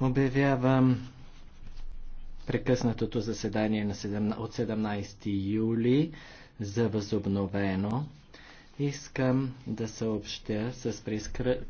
Обявявам прекъснатото заседание от 17 юли за възобновено. Искам да съобщя с прескръ...